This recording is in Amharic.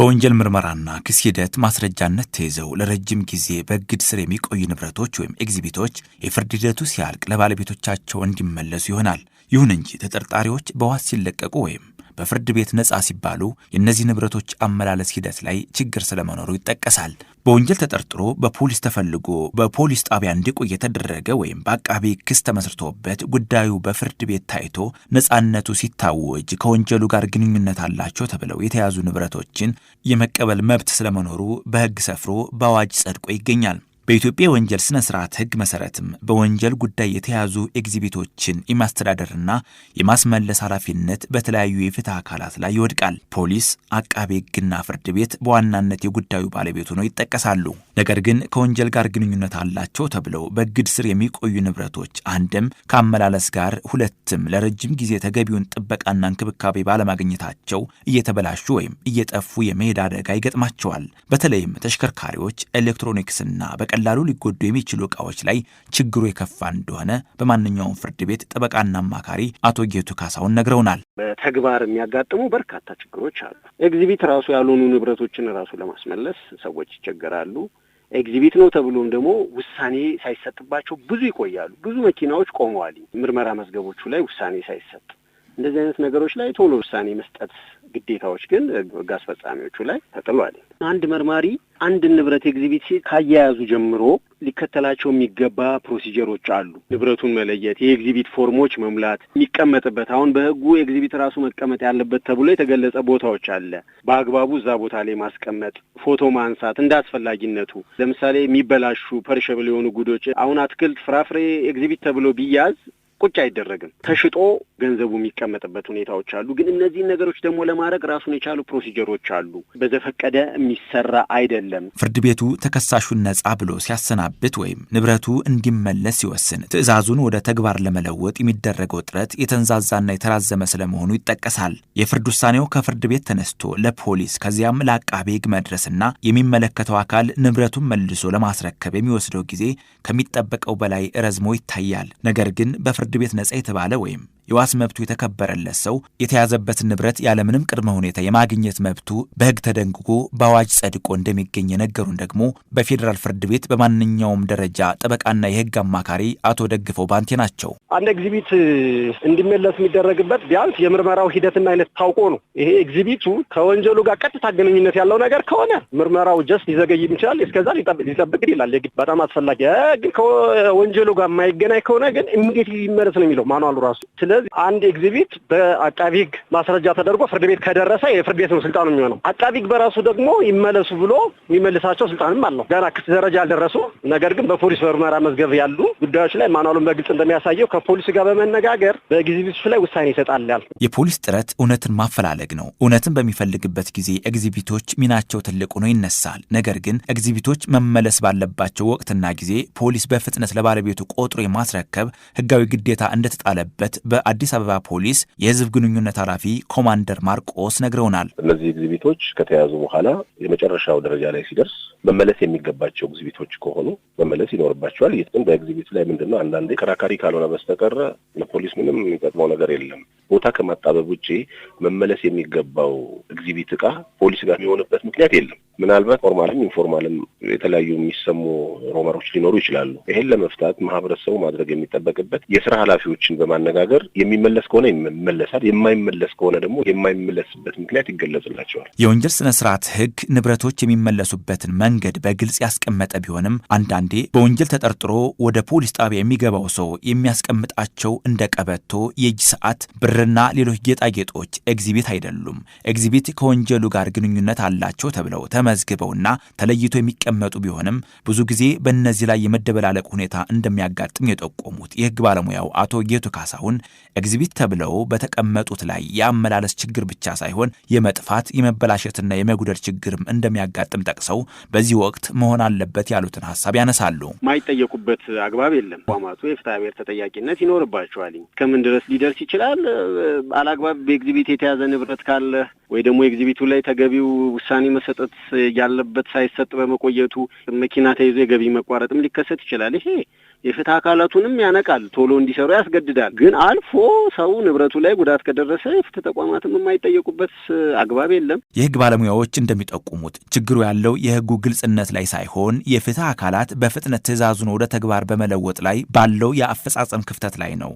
በወንጀል ምርመራና ክስ ሂደት ማስረጃነት ተይዘው ለረጅም ጊዜ በእግድ ስር የሚቆዩ ንብረቶች ወይም ኤግዚቢቶች የፍርድ ሂደቱ ሲያልቅ ለባለቤቶቻቸው እንዲመለሱ ይሆናል። ይሁን እንጂ ተጠርጣሪዎች በዋስ ሲለቀቁ ወይም በፍርድ ቤት ነፃ ሲባሉ የእነዚህ ንብረቶች አመላለስ ሂደት ላይ ችግር ስለመኖሩ ይጠቀሳል። በወንጀል ተጠርጥሮ በፖሊስ ተፈልጎ በፖሊስ ጣቢያ እንዲቆይ የተደረገ ወይም በአቃቢ ክስ ተመስርቶበት ጉዳዩ በፍርድ ቤት ታይቶ ነፃነቱ ሲታወጅ ከወንጀሉ ጋር ግንኙነት አላቸው ተብለው የተያዙ ንብረቶችን የመቀበል መብት ስለመኖሩ በሕግ ሰፍሮ በአዋጅ ጸድቆ ይገኛል። በኢትዮጵያ የወንጀል ስነ ስርዓት ህግ መሰረትም በወንጀል ጉዳይ የተያዙ ኤግዚቢቶችን የማስተዳደርና የማስመለስ ኃላፊነት በተለያዩ የፍትህ አካላት ላይ ይወድቃል። ፖሊስ፣ አቃቤ ህግና ፍርድ ቤት በዋናነት የጉዳዩ ባለቤት ሆነው ይጠቀሳሉ። ነገር ግን ከወንጀል ጋር ግንኙነት አላቸው ተብለው በእግድ ስር የሚቆዩ ንብረቶች አንድም ከአመላለስ ጋር፣ ሁለትም ለረጅም ጊዜ ተገቢውን ጥበቃና እንክብካቤ ባለማግኘታቸው እየተበላሹ ወይም እየጠፉ የመሄድ አደጋ ይገጥማቸዋል። በተለይም ተሽከርካሪዎች፣ ኤሌክትሮኒክስና በቀ በቀላሉ ሊጎዱ የሚችሉ እቃዎች ላይ ችግሩ የከፋ እንደሆነ በማንኛውም ፍርድ ቤት ጠበቃና አማካሪ አቶ ጌቱ ካሳውን ነግረውናል። በተግባር የሚያጋጥሙ በርካታ ችግሮች አሉ። ኤግዚቢት ራሱ ያልሆኑ ንብረቶችን ራሱ ለማስመለስ ሰዎች ይቸገራሉ። ኤግዚቢት ነው ተብሎም ደግሞ ውሳኔ ሳይሰጥባቸው ብዙ ይቆያሉ። ብዙ መኪናዎች ቆመዋል። ምርመራ መዝገቦቹ ላይ ውሳኔ ሳይሰጥ እንደዚህ አይነት ነገሮች ላይ ቶሎ ውሳኔ መስጠት ግዴታዎች ግን ህግ አስፈጻሚዎቹ ላይ ተጥሏል። አንድ መርማሪ አንድ ንብረት ኤግዚቢት ካያያዙ ጀምሮ ሊከተላቸው የሚገባ ፕሮሲጀሮች አሉ። ንብረቱን መለየት፣ የኤግዚቢት ፎርሞች መሙላት፣ የሚቀመጥበት አሁን በህጉ ኤግዚቢት ራሱ መቀመጥ ያለበት ተብሎ የተገለጸ ቦታዎች አለ። በአግባቡ እዛ ቦታ ላይ ማስቀመጥ፣ ፎቶ ማንሳት እንደ አስፈላጊነቱ። ለምሳሌ የሚበላሹ ፐርሸብል የሆኑ ጉዶች አሁን አትክልት፣ ፍራፍሬ ኤግዚቢት ተብሎ ቢያዝ ቁጭ አይደረግም ተሽጦ ገንዘቡ የሚቀመጥበት ሁኔታዎች አሉ። ግን እነዚህን ነገሮች ደግሞ ለማድረግ ራሱን የቻሉ ፕሮሲጀሮች አሉ። በዘፈቀደ የሚሰራ አይደለም። ፍርድ ቤቱ ተከሳሹን ነጻ ብሎ ሲያሰናብት ወይም ንብረቱ እንዲመለስ ሲወስን ትዕዛዙን ወደ ተግባር ለመለወጥ የሚደረገው ጥረት የተንዛዛና የተራዘመ ስለመሆኑ ይጠቀሳል። የፍርድ ውሳኔው ከፍርድ ቤት ተነስቶ ለፖሊስ ከዚያም ለአቃቤ ሕግ መድረስና የሚመለከተው አካል ንብረቱን መልሶ ለማስረከብ የሚወስደው ጊዜ ከሚጠበቀው በላይ ረዝሞ ይታያል። ነገር ግን በፍርድ ቤት ነጻ የተባለ ወይም የዋስ መብቱ የተከበረለት ሰው የተያዘበትን ንብረት ያለምንም ቅድመ ሁኔታ የማግኘት መብቱ በሕግ ተደንግጎ በአዋጅ ጸድቆ እንደሚገኝ የነገሩን ደግሞ በፌዴራል ፍርድ ቤት በማንኛውም ደረጃ ጠበቃና የሕግ አማካሪ አቶ ደግፈው ባንቴ ናቸው። አንድ ኤግዚቢት እንዲመለስ የሚደረግበት ቢያንስ የምርመራው ሂደትና አይነት ታውቆ ነው። ይሄ ኤግዚቢቱ ከወንጀሉ ጋር ቀጥታ ግንኙነት ያለው ነገር ከሆነ ምርመራው ጀስት ሊዘገይም ይችላል። እስከዛ ሊጠብቅ ይላል። በጣም አስፈላጊ ግን ከወንጀሉ ጋር የማይገናኝ ከሆነ ግን ሊመለስ ነው የሚለው ማኗሉ ራሱ ስለዚህ አንድ ኤግዚቢት በአቃቢ ህግ ማስረጃ ተደርጎ ፍርድ ቤት ከደረሰ የፍርድ ቤት ነው ስልጣኑ የሚሆነው። አቃቢ ህግ በራሱ ደግሞ ይመለሱ ብሎ የሚመልሳቸው ስልጣንም አለው። ገና ክስ ደረጃ ያልደረሱ ነገር ግን በፖሊስ ምርመራ መዝገብ ያሉ ጉዳዮች ላይ ማኗሉን በግልጽ እንደሚያሳየው ከፖሊስ ጋር በመነጋገር በኤግዚቢቱ ላይ ውሳኔ ይሰጣል ያል የፖሊስ ጥረት እውነትን ማፈላለግ ነው። እውነትን በሚፈልግበት ጊዜ ኤግዚቢቶች ሚናቸው ትልቁ ነው ይነሳል። ነገር ግን ኤግዚቢቶች መመለስ ባለባቸው ወቅትና ጊዜ ፖሊስ በፍጥነት ለባለቤቱ ቆጥሮ የማስረከብ ህጋዊ ግዴታ እንደተጣለበት በ የአዲስ አበባ ፖሊስ የህዝብ ግንኙነት ኃላፊ ኮማንደር ማርቆስ ነግረውናል። እነዚህ እግዚቢቶች ከተያዙ በኋላ የመጨረሻው ደረጃ ላይ ሲደርስ መመለስ የሚገባቸው እግዚቢቶች ከሆኑ መመለስ ይኖርባቸዋል። ግን በኤግዚቢቱ ላይ ምንድነው አንዳንዴ ከራካሪ ካልሆነ በስተቀረ ለፖሊስ ምንም የሚጠቅመው ነገር የለም። ቦታ ከማጣበብ ውጭ መመለስ የሚገባው ኤግዚቢት እቃ ፖሊስ ጋር የሚሆንበት ምክንያት የለም። ምናልባት ፎርማልም ኢንፎርማልም የተለያዩ የሚሰሙ ሮመሮች ሊኖሩ ይችላሉ። ይሄን ለመፍታት ማህበረሰቡ ማድረግ የሚጠበቅበት የስራ ኃላፊዎችን በማነጋገር የሚመለስ ከሆነ ይመለሳል፣ የማይመለስ ከሆነ ደግሞ የማይመለስበት ምክንያት ይገለጽላቸዋል። የወንጀል ስነ ስርዓት ህግ ንብረቶች የሚመለሱበትን መንገድ በግልጽ ያስቀመጠ ቢሆንም አንዳንዴ በወንጀል ተጠርጥሮ ወደ ፖሊስ ጣቢያ የሚገባው ሰው የሚያስቀምጣቸው እንደ ቀበቶ፣ የእጅ ሰዓት፣ ብር ብርና ሌሎች ጌጣጌጦች ኤግዚቢት አይደሉም። ኤግዚቢት ከወንጀሉ ጋር ግንኙነት አላቸው ተብለው ተመዝግበውና ተለይቶ የሚቀመጡ ቢሆንም ብዙ ጊዜ በእነዚህ ላይ የመደበላለቅ ሁኔታ እንደሚያጋጥም የጠቆሙት የህግ ባለሙያው አቶ ጌቱ ካሳሁን ኤግዚቢት ተብለው በተቀመጡት ላይ የአመላለስ ችግር ብቻ ሳይሆን የመጥፋት የመበላሸትና የመጉደል ችግርም እንደሚያጋጥም ጠቅሰው በዚህ ወቅት መሆን አለበት ያሉትን ሀሳብ ያነሳሉ። ማይጠየቁበት አግባብ የለም። ተቋማቱ የፍትሐ ብሔር ተጠያቂነት ይኖርባቸዋል። ከምን ድረስ ሊደርስ ይችላል? አላግባብ በኤግዚቢት የተያዘ ንብረት ካለ ወይ ደግሞ ኤግዚቢቱ ላይ ተገቢው ውሳኔ መሰጠት ያለበት ሳይሰጥ በመቆየቱ መኪና ተይዞ የገቢ መቋረጥም ሊከሰት ይችላል። ይሄ የፍትህ አካላቱንም ያነቃል፣ ቶሎ እንዲሰሩ ያስገድዳል። ግን አልፎ ሰው ንብረቱ ላይ ጉዳት ከደረሰ የፍትህ ተቋማትም የማይጠየቁበት አግባብ የለም። የህግ ባለሙያዎች እንደሚጠቁሙት ችግሩ ያለው የህጉ ግልጽነት ላይ ሳይሆን የፍትህ አካላት በፍጥነት ትዕዛዙን ወደ ተግባር በመለወጥ ላይ ባለው የአፈጻጸም ክፍተት ላይ ነው።